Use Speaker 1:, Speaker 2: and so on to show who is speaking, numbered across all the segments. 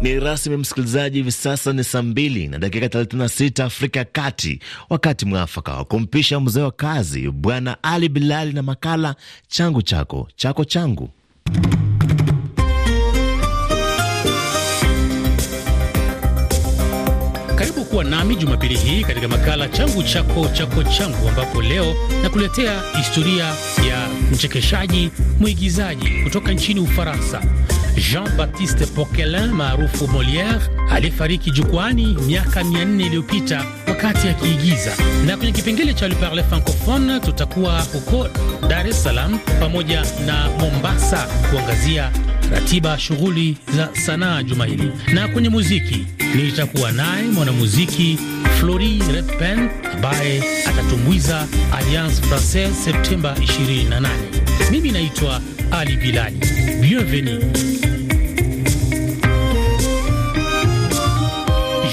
Speaker 1: Ni rasmi msikilizaji, hivi sasa ni saa mbili na dakika 36 Afrika ya Kati, wakati mwafaka wa kumpisha mzee wa kazi Bwana Ali Bilali na makala changu chako chako changu. kuwa nami Jumapili
Speaker 2: hii katika makala changu chako chako changu, ambapo leo nakuletea historia ya mchekeshaji mwigizaji kutoka nchini Ufaransa, Jean-Baptiste Poquelin maarufu Moliere, aliyefariki jukwani miaka 400 iliyopita wakati akiigiza. Na kwenye kipengele cha Le Parle Francophone tutakuwa huko Dar es Salaam pamoja na Mombasa kuangazia ratiba shughuli za sanaa juma hili, na kwenye muziki nitakuwa naye mwanamuziki Flori Redpen ambaye atatumbwiza Alliance Francaise Septemba 28. Mimi naitwa Ali Bilali. bienveni.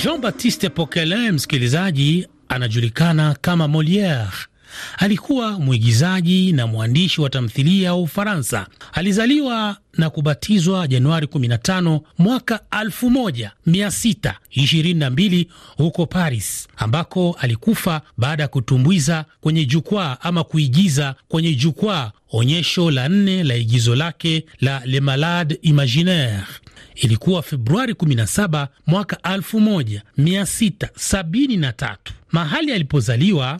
Speaker 2: Jean-Baptiste Poquelin msikilizaji anajulikana kama Moliere Alikuwa mwigizaji na mwandishi wa tamthilia wa Ufaransa. Alizaliwa na kubatizwa Januari 15 mwaka 1622 huko Paris, ambako alikufa baada ya kutumbwiza kwenye jukwaa ama kuigiza kwenye jukwaa onyesho la nne la igizo lake la Le Malade Imaginaire. Ilikuwa Februari 17 mwaka 1673 mahali alipozaliwa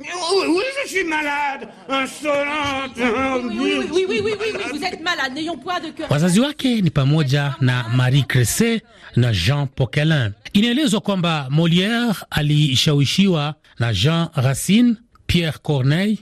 Speaker 3: Oui, oui, je suis malade, insolente. Oui, oui, oui, oui, oui, vous êtes malade, n'ayons pas de cœur.
Speaker 2: na Jean Racine, Pierre Corneille,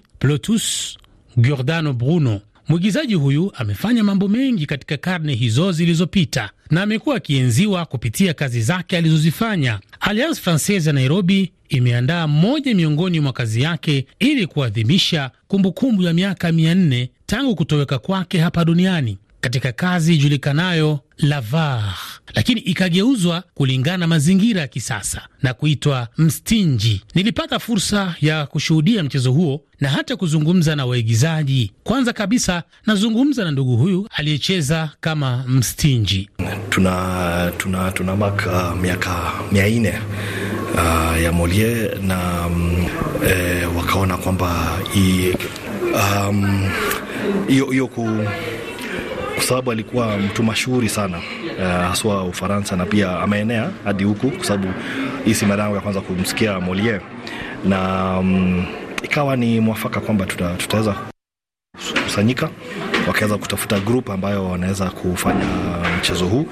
Speaker 2: Bruno Mwigizaji huyu amefanya mambo mengi katika karne hizo zilizopita na amekuwa akienziwa kupitia kazi zake alizozifanya. Alliance Francaise ya Nairobi imeandaa mmoja miongoni mwa kazi yake ili kuadhimisha kumbukumbu ya miaka mia nne tangu kutoweka kwake hapa duniani katika kazi ijulikanayo lavar, lakini ikageuzwa kulingana na mazingira ya kisasa na kuitwa mstinji. Nilipata fursa ya kushuhudia mchezo huo na hata kuzungumza na waigizaji. Kwanza kabisa nazungumza na ndugu huyu aliyecheza kama mstinji.
Speaker 4: tuna tuna, tuna maka uh, miaka mia nne uh, ya Moliere na um, e, wakaona kwamba um, hiyo um, kwa sababu alikuwa mtu mashuhuri sana uh, haswa Ufaransa na pia ameenea hadi huku, kwa sababu hii si mara yangu ya kwanza kumsikia Moliere na um, ikawa ni mwafaka kwamba tuta, tutaweza kusanyika wakaweza kutafuta group ambayo wanaweza kufanya mchezo huu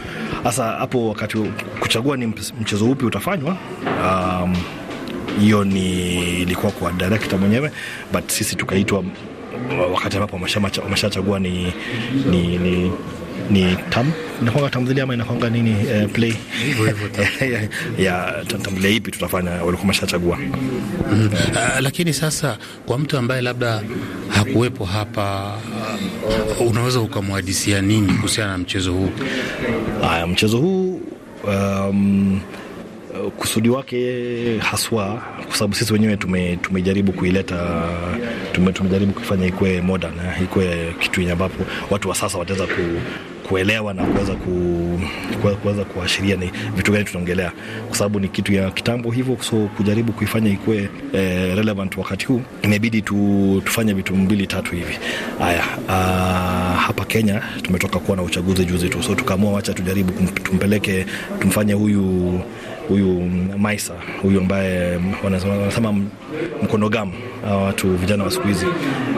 Speaker 4: hasa hapo wakati kuchagua ni mchezo upi utafanywa um, hiyo um, ni ilikuwa kwa director mwenyewe but sisi tukaitwa wakati ambapo wameshachagua ni, ni, ni ni tam inakwanga tamthilia ama inakwanga nini uh, play ya tamthilia ipi tutafanya, walikuwa mashachagua mm.
Speaker 3: Mm-hmm.
Speaker 2: Uh, ah, lakini sasa kwa mtu ambaye labda hakuwepo hapa uh, unaweza ukamwadisia
Speaker 4: nini kuhusiana na mchezo huu? Haya, mchezo huu um, kusudi wake haswa, kwa sababu sisi wenyewe tume, tumejaribu kuileta tume, tumejaribu kuifanya ikuwe modern, ikuwe kitu yenye ambapo watu wa sasa wataweza ku, kuelewa na kuweza ku, kuweza kuashiria ni vitu gani tunaongelea, kwa sababu ni kitu ya kitambo hivyo. So kujaribu kuifanya ikuwe eh, relevant wakati huu imebidi tu, tufanye vitu mbili tatu hivi. Haya, ah, hapa Kenya tumetoka kuwa na uchaguzi juzi tu, so tukaamua wacha tujaribu tumpeleke tumfanye huyu huyu Maisa huyu ambaye wanasema mkonogamu, watu vijana wa siku hizi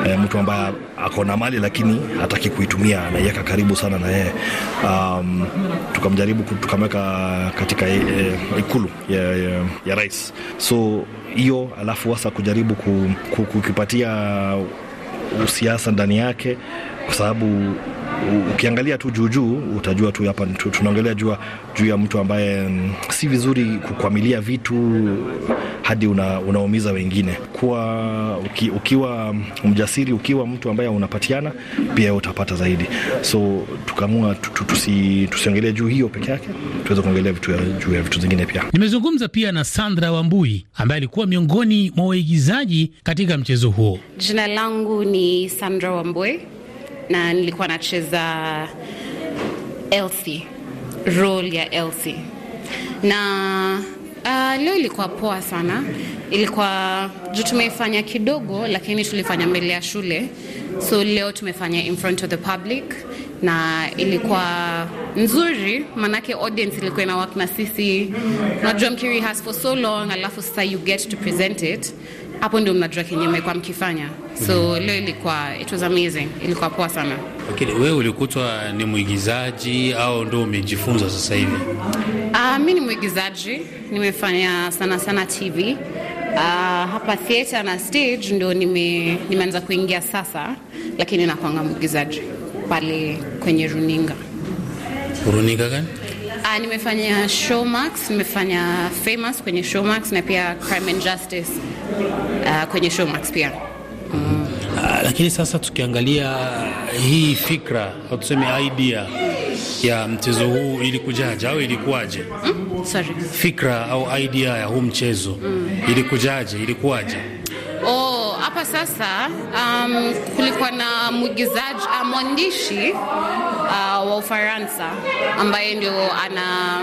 Speaker 4: e, mtu ambaye ako na mali lakini hataki kuitumia, anaiweka karibu sana na yeye. Um, tukamjaribu tukamweka katika e, e, ikulu ya, ya, ya rais, so hiyo alafu wasa kujaribu kukipatia usiasa ndani yake kwa sababu ukiangalia tu juu juu utajua tu hapa tunaongelea jua juu ya mtu ambaye mm, si vizuri kukwamilia vitu hadi una, unaumiza wengine. Kuwa uki, ukiwa mm, mjasiri, ukiwa mtu ambaye unapatiana pia utapata zaidi. So tukaamua tusiongelee juu hiyo peke yake, tuweze kuongelea vitu ya, juu ya vitu zingine pia.
Speaker 2: Nimezungumza pia na Sandra Wambui ambaye alikuwa miongoni mwa waigizaji katika mchezo huo.
Speaker 5: Jina langu ni Sandra Wambui na nilikuwa nacheza Elsie, role ya Elsie na uh, leo ilikuwa poa sana, ilikuwa juu tumeifanya kidogo, lakini tulifanya mbele ya shule, so leo tumefanya in front of the public na ilikuwa nzuri, maanake audience ilikuwa ina work na sisi. Unajua mkiri has for so long, alafu sasa you get to present it hapo ndio mnajua kenye mmekuwa mkifanya. So mm -hmm. Leo ilikuwa it was amazing, ilikuwa poa sana.
Speaker 2: Okay, wewe ulikutwa ni mwigizaji au ndio umejifunza sasa hivi?
Speaker 5: Uh, mi ni mwigizaji, nimefanya sana sana TV Uh, ah, hapa theater na stage ndio nime, nimeanza kuingia sasa, lakini nakwanga mwigizaji pale kwenye runinga. Runinga gani? Uh, nimefanya Showmax, nimefanya Famous kwenye Showmax na pia Crime and Justice uh, kwenye Showmax pia
Speaker 2: mm. Uh, lakini sasa tukiangalia uh, hii fikra au tuseme idea ya mchezo huu ilikujaje au ilikuwaje?
Speaker 5: Mm? Sorry.
Speaker 2: Fikra au idea ya huu mchezo mm. ilikujaje, ilikuwaje?
Speaker 5: Oh, hapa sasa um, kulikuwa na mwigizaji uh, mwandishi uh, wa Ufaransa ambaye ndio ana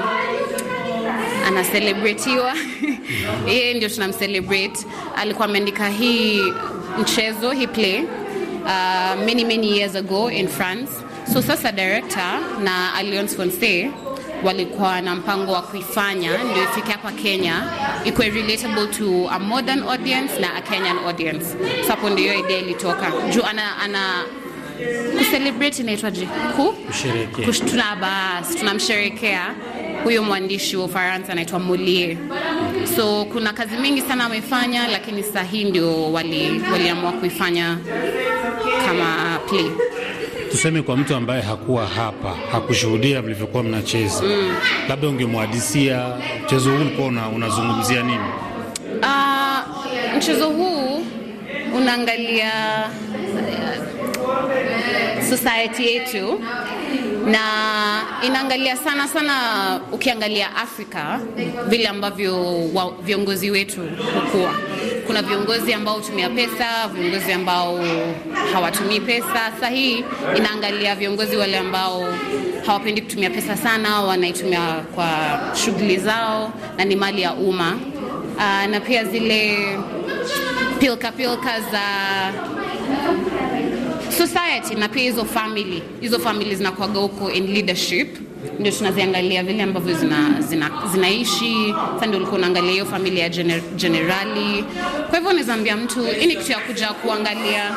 Speaker 5: anaselebretiwa yeye ndio tunamcelebrate. Alikuwa ameandika hii mchezo hii play uh, many many years ago in France. So sasa director na Alliance fonse walikuwa na mpango wa kuifanya ndio ifike hapa Kenya ikuwe relatable to a modern audience na a Kenyan audience. sapo ndio idea ilitoka juu ana, ana inaitwa inaitwaje ku tunabas tunamsherekea huyo mwandishi wa Ufaransa anaitwa Molier. So kuna kazi mingi sana amefanya, lakini saa hii ndio waliamua wali kuifanya kama play.
Speaker 6: Tuseme kwa mtu ambaye
Speaker 2: hakuwa hapa, hakushuhudia mlivyokuwa mnacheza mm, labda ungemwadisia mchezo huu ulikuwa unazungumzia nini?
Speaker 5: Uh, mchezo huu unaangalia eh, society yetu na inaangalia sana sana, ukiangalia Afrika vile ambavyo wa, viongozi wetu hukua. Kuna viongozi ambao hutumia pesa, viongozi ambao hawatumii pesa. Sasa hii inaangalia viongozi wale ambao hawapendi kutumia pesa sana, wanaitumia kwa shughuli zao na ni mali ya umma, ah, na pia zile pilka pilka za society na pia hizo family hizo family zinakuaga huko in leadership ndio tunaziangalia vile ambavyo zina, zina, zinaishi. Sasa ndio ulikuwa unaangalia hiyo famili ya gener, generali. Kwa hivyo unazaambia mtu hii ni kitu ya kuja kuangalia,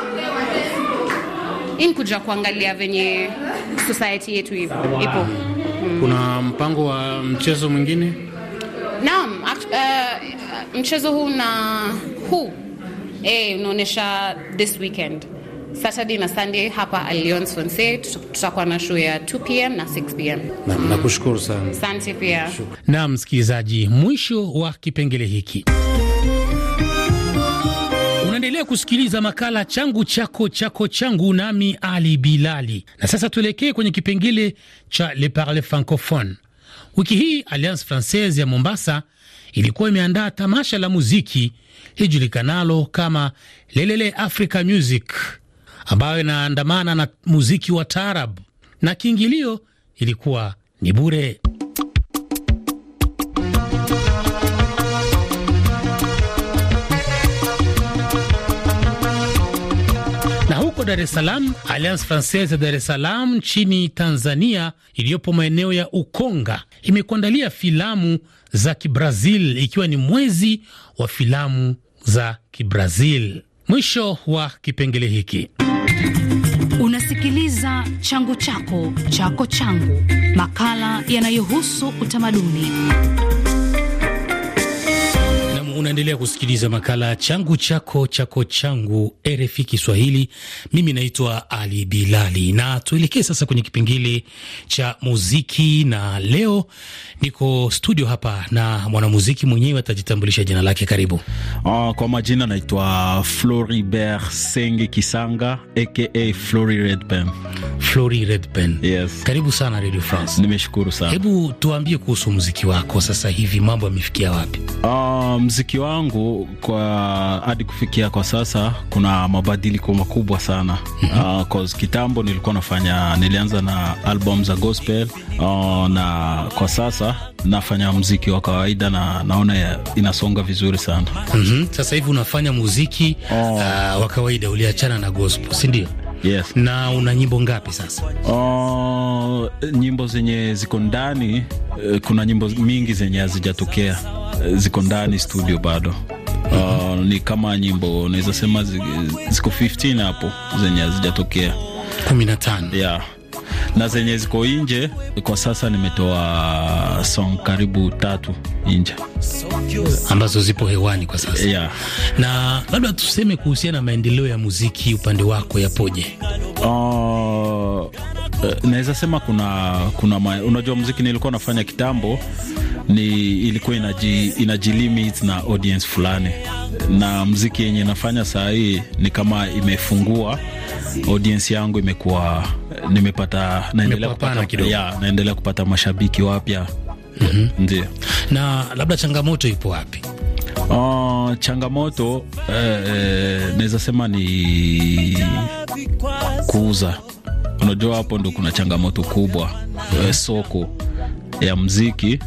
Speaker 5: hii ni kuja kuangalia venye society yetu ipo. Mm.
Speaker 2: Kuna mpango wa mchezo mwingine?
Speaker 5: Naam, uh, mchezo huu na huu eh, unaonyesha this weekend Saturday na Sunday hapa Alliance Francaise tutakuwa na show ya 2pm na 6pm.
Speaker 2: Naam, nakushukuru sana.
Speaker 5: Asante pia.
Speaker 2: Na msikilizaji, mwisho wa kipengele hiki unaendelea kusikiliza makala changu chako chako changu, nami Ali Bilali. Na sasa tuelekee kwenye kipengele cha Le Parle Francophone. Wiki hii Alliance Francaise ya Mombasa ilikuwa imeandaa tamasha la muziki lijulikanalo kama Lelele Africa Music ambayo inaandamana na muziki wa taarab na kiingilio ilikuwa ni bure. Dar es Salaam, Alliance Francaise ya Dar es Salaam nchini Tanzania iliyopo maeneo ya Ukonga imekuandalia filamu za Kibrazil ikiwa ni mwezi wa filamu za Kibrazil. Mwisho wa kipengele hiki.
Speaker 5: Unasikiliza Changu Chako Chako Changu, makala yanayohusu utamaduni
Speaker 2: unaendelea kusikiliza makala changu chako chako changu RFI Kiswahili. Mimi naitwa Ali Bilali, na tuelekee sasa kwenye kipengele cha muziki, na leo niko studio hapa na
Speaker 6: mwanamuziki mwenyewe atajitambulisha jina lake. Karibu. Oh, kwa majina naitwa Floribert Senge Kisanga aka Flori Redpen. Flori Redpen. Yes. Karibu sana Radio France. Nimeshukuru sana. Hebu tuambie kuhusu muziki wako sasa hivi,
Speaker 2: mambo yamefikia wapi?
Speaker 6: Uh, muziki muziki wangu kwa hadi kufikia kwa sasa kuna mabadiliko makubwa sana uh, cause kitambo nilikuwa nafanya, nilianza na album za gospel uh, na kwa sasa nafanya muziki wa kawaida na naona inasonga vizuri sana. Mm -hmm. Sasa hivi unafanya muziki oh, uh,
Speaker 2: wa kawaida uliachana na gospel, si ndio? Yes. Na una nyimbo ngapi sasa?
Speaker 6: Oh, nyimbo zenye ziko ndani, eh, kuna nyimbo mingi zenye hazijatokea, eh, ziko ndani studio bado. Mm -hmm. ni kama nyimbo naweza sema ziko 15 hapo zenye hazijatokea 15. Yeah na zenye ziko nje kwa sasa nimetoa song karibu tatu nje ambazo zipo hewani kwa sasa yeah. Na labda tuseme kuhusiana
Speaker 2: na maendeleo ya muziki upande wako
Speaker 6: yapoje? Uh, naweza sema kuna, kuna ma, unajua muziki nilikuwa nafanya kitambo ni ilikuwa inaji, inajilimit na audience fulani, na mziki yenye nafanya saa hii ni kama imefungua audience yangu, imekuwa nimepata, naendelea kupata, ya, naendelea kupata mashabiki wapya. mm -hmm. Ndio, na labda changamoto ipo wapi? Uh, changamoto eh, eh, naweza sema ni kuuza. Unajua, hapo ndo kuna changamoto kubwa mhm. eh, soko ya mziki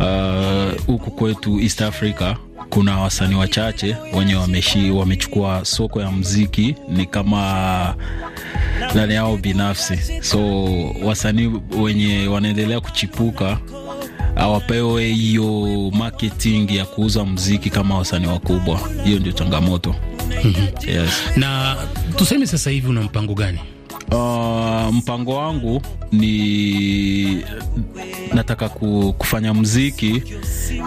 Speaker 6: Uh, huku uh, kwetu East Africa kuna wasanii wachache wenye wameshi, wamechukua soko ya mziki ni kama ndani yao binafsi, so wasanii wenye wanaendelea kuchipuka awapewe hiyo marketing ya kuuza mziki kama wasanii wakubwa. Hiyo ndio changamoto. Mhm. yes. Na tuseme sasa hivi una mpango gani? Uh, mpango wangu ni nataka kufanya mziki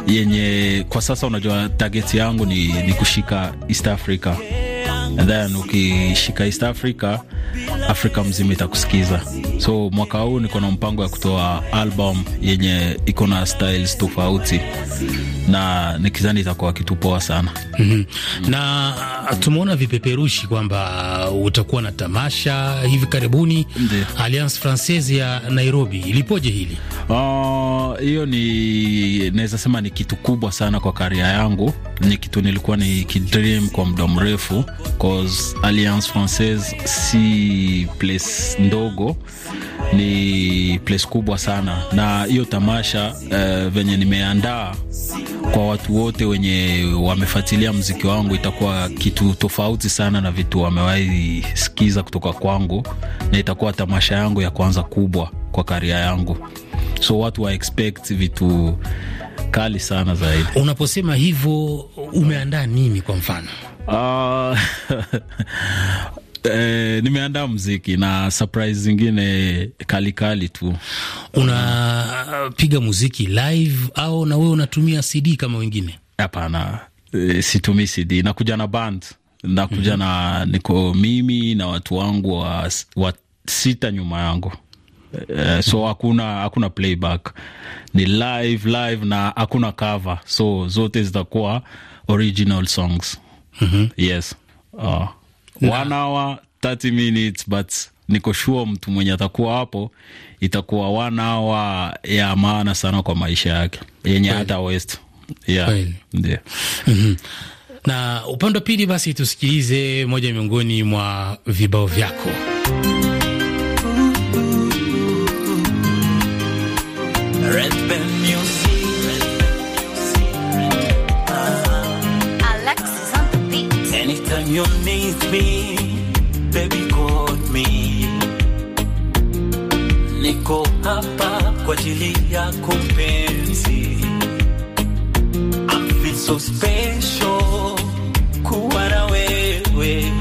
Speaker 6: yenye kwa sasa, unajua target yangu ni, ni kushika East Africa, then ukishika East Africa, Afrika mzima itakusikiza. So mwaka huu niko na mpango ya kutoa album yenye iko na styles tofauti na nikizani itakuwa kitu poa sana. mm -hmm. Na ah, tumeona
Speaker 2: vipeperushi kwamba uh, utakuwa na tamasha hivi karibuni Alliance Francaise ya Nairobi, ilipoje hili?
Speaker 6: Ah, hiyo uh, ni naweza sema ni kitu kubwa sana kwa karia yangu, ni kitu nilikuwa ni kidream kwa muda mrefu, cause Alliance Francaise si place ndogo ni place kubwa sana, na hiyo tamasha uh, venye nimeandaa kwa watu wote wenye wamefuatilia mziki wangu itakuwa kitu tofauti sana na vitu wamewahi sikiza kutoka kwangu, na itakuwa tamasha yangu ya kwanza kubwa kwa karia yangu, so watu wa expect vitu kali sana zaidi.
Speaker 2: Unaposema hivyo, umeandaa nini kwa mfano?
Speaker 6: uh, Eh, nimeandaa mziki na surprise zingine kalikali tu. Unapiga muziki live au na wewe unatumia
Speaker 2: CD kama wengine?
Speaker 6: Hapana, e, situmii CD, nakuja na band, nakuja mm -hmm. na niko mimi na watu wangu wa, wa sita nyuma yangu Uh, so hakuna hakuna playback, ni live live na hakuna cover, so zote zitakuwa original songs. mm -hmm. Yes. Uh, one hour 30 minutes but niko mtu mwenye atakuwa hapo itakuwa one hour ya maana sana kwa maisha yake yenye hata west yeah. yeah. mm-hmm. Na upande wa pili basi tusikilize
Speaker 2: moja miongoni mwa vibao vyako. -hmm.
Speaker 3: you need me, baby call me. Niko hapa kwa ajili ya mpenzi. I feel so special kuwa na wewe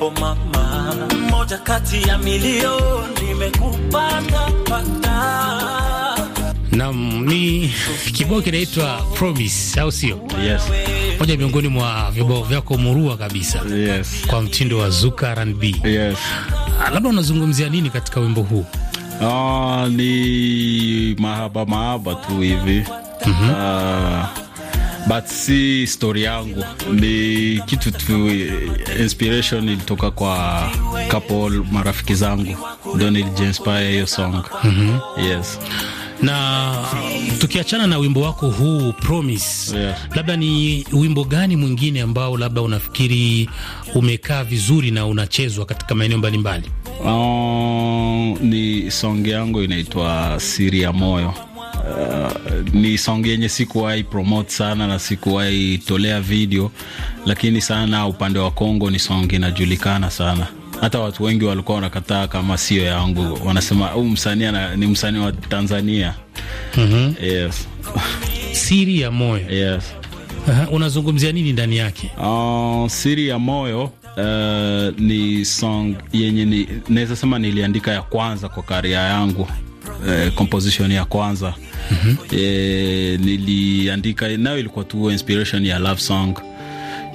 Speaker 3: oh mama, moja kati ya milioni imekupata pata
Speaker 2: Nam ni kibao kinaitwa Promise, au sio? Yes moja miongoni mwa vibao vyako murua kabisa, yes. kwa mtindo wa zuka R&B yes. Ah, labda unazungumzia nini katika wimbo huu?
Speaker 6: Oh, ni mahaba mahaba tu hivi mm -hmm. uh, but si story yangu, ni kitu tu, inspiration ilitoka kwa couple marafiki zangu ndio nilijiinspire hiyo song mm -hmm. yes na tukiachana na wimbo wako huu
Speaker 2: Promise, yeah, labda ni wimbo gani mwingine ambao labda unafikiri umekaa vizuri na unachezwa katika maeneo mbalimbali?
Speaker 6: Oh, ni songi yangu inaitwa Siri ya Moyo. Uh, ni song yenye sikuwahi promote sana na sikuwahi tolea video, lakini sana upande wa Kongo ni song inajulikana sana hata watu wengi walikuwa wanakataa kama sio yangu, wanasema huyu oh, msanii ni msanii wa Tanzania. mm -hmm. Yes. Siri ya moyo. Yes.
Speaker 2: -huh. unazungumzia nini ndani yake?
Speaker 6: Uh, siri ya moyo uh, ni song yenye ni naweza sema niliandika ya kwanza kwa karia yangu uh, composition ya kwanza mm -hmm. uh, niliandika nayo ilikuwa tu inspiration ya love song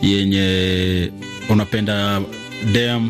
Speaker 6: yenye unapenda dem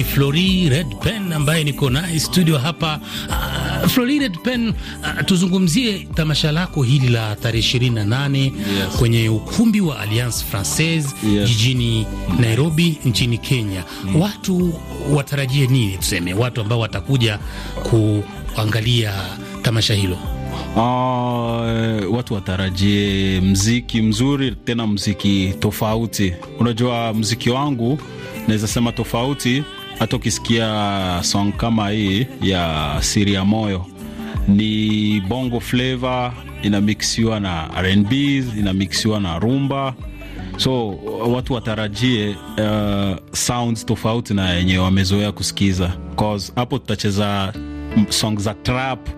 Speaker 2: yake Flori Pen ambaye niko naye studio hapa. Uh, ah, Flori Pen, uh, tuzungumzie tamasha lako hili la tarehe 28 yes, kwenye ukumbi wa Alliance Francaise yes, jijini Nairobi nchini Kenya mm. Watu watarajie nini? Tuseme watu ambao watakuja kuangalia
Speaker 6: tamasha hilo. Uh, watu watarajie mziki mzuri tena mziki tofauti. Unajua mziki wangu naweza sema tofauti hata ukisikia song kama hii ya siri ya moyo ni bongo flavor inamiksiwa na RnB, inamiksiwa na rumba, so watu watarajie uh, sounds tofauti na yenye wamezoea kusikiza, cause hapo tutacheza song za trap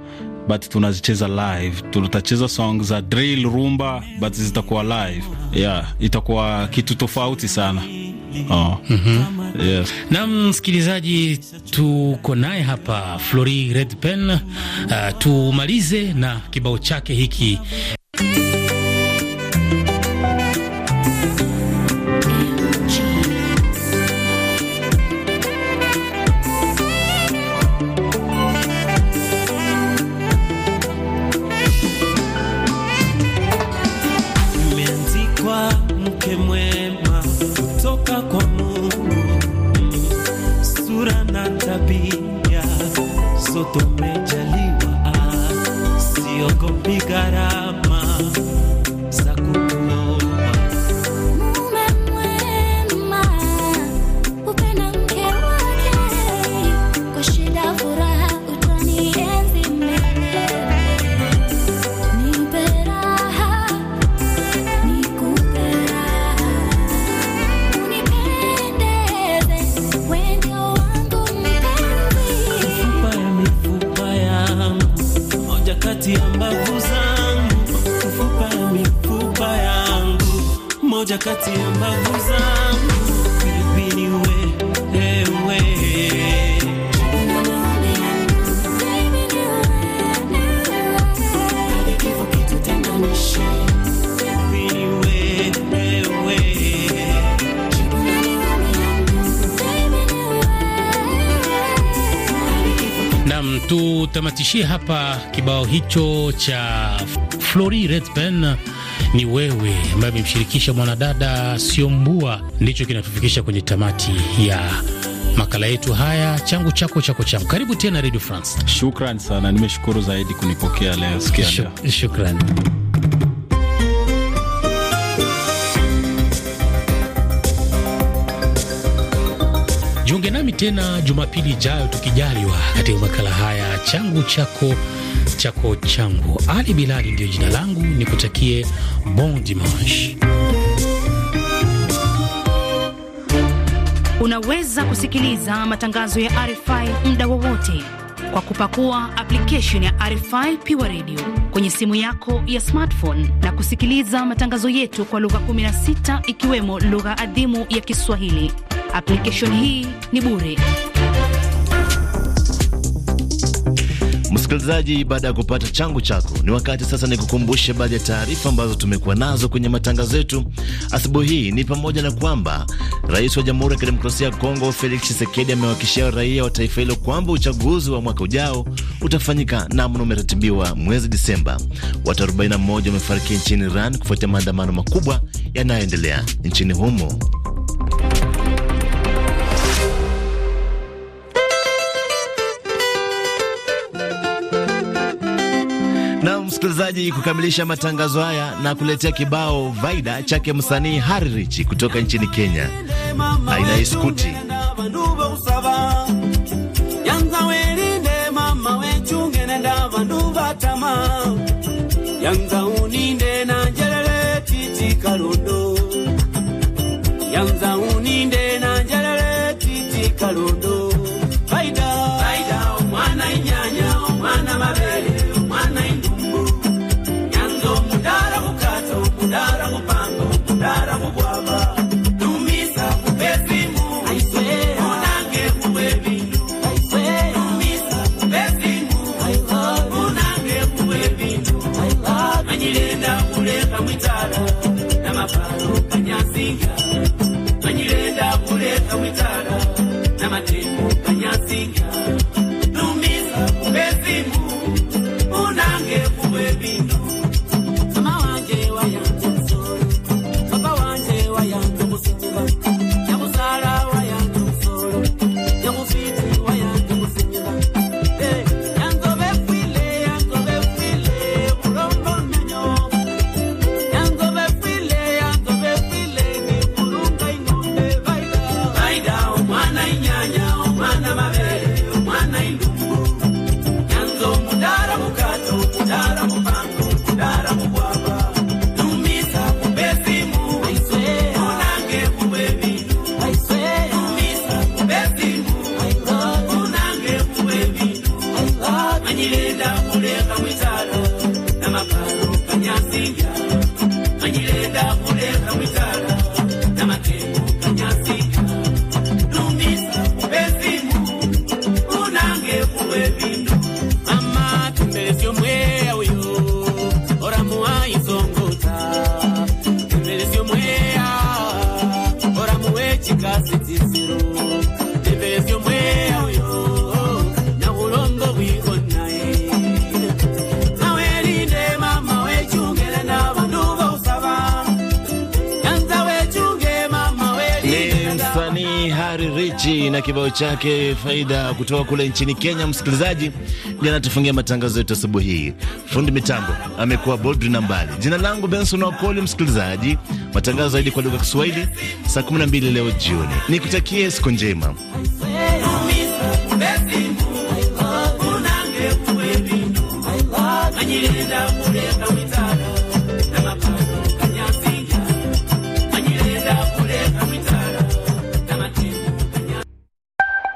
Speaker 6: but tunazicheza live. Tutacheza song za drill rumba but zitakuwa live, yeah, itakuwa kitu tofauti sana. Oh. Mm -hmm. Yes. Na
Speaker 2: msikilizaji, tuko naye hapa Flori Redpen. Uh, tumalize na kibao chake hiki. tutamatishie hapa kibao hicho cha Flori Redpen ni wewe, ambaye amemshirikisha mwanadada Siombua. Ndicho kinatufikisha kwenye tamati ya makala yetu haya, changu chako chako changu. Karibu tena Radio France.
Speaker 6: Shukran sana, nimeshukuru zaidi kunipokea leo. Sikia, shukran.
Speaker 2: Jiunge nami tena Jumapili ijayo tukijaliwa, katika makala haya changu chako chako changu. Ali Bilali ndiyo jina langu, kutakie bon dimanche.
Speaker 5: Unaweza kusikiliza matangazo ya RFI muda wowote kwa kupakua application ya RFI Pure Radio kwenye simu yako ya smartphone na kusikiliza matangazo yetu kwa lugha 16 ikiwemo lugha adhimu ya Kiswahili. Application hii ni bure.
Speaker 1: Msikilizaji, baada ya kupata changu chako, ni wakati sasa ni kukumbushe baadhi ya taarifa ambazo tumekuwa nazo kwenye matangazo yetu asubuhi hii. Ni pamoja na kwamba rais wa Jamhuri ya Kidemokrasia ya Kongo Felix Tshisekedi amewahakikishia raia wa taifa hilo kwamba uchaguzi wa mwaka ujao utafanyika namna umeratibiwa mwezi Disemba. Watu 41 wamefariki nchini Iran kufuatia maandamano makubwa yanayoendelea nchini humo. msikilizaji, kukamilisha matangazo haya na kuletea kibao vaida chake msanii Haririch kutoka nchini Kenya,
Speaker 3: aina iskuti yanza uninde na singa manyirenda kuleta witaa
Speaker 1: na kibao chake faida kutoka kule nchini Kenya. Msikilizaji ndiye anatufungia matangazo yetu asubuhi hii. Fundi mitambo amekuwa Boldri na Mbali. Jina langu Benson Wakoli. Msikilizaji, matangazo zaidi kwa lugha ya Kiswahili saa 12 leo jioni. Nikutakie siku njema.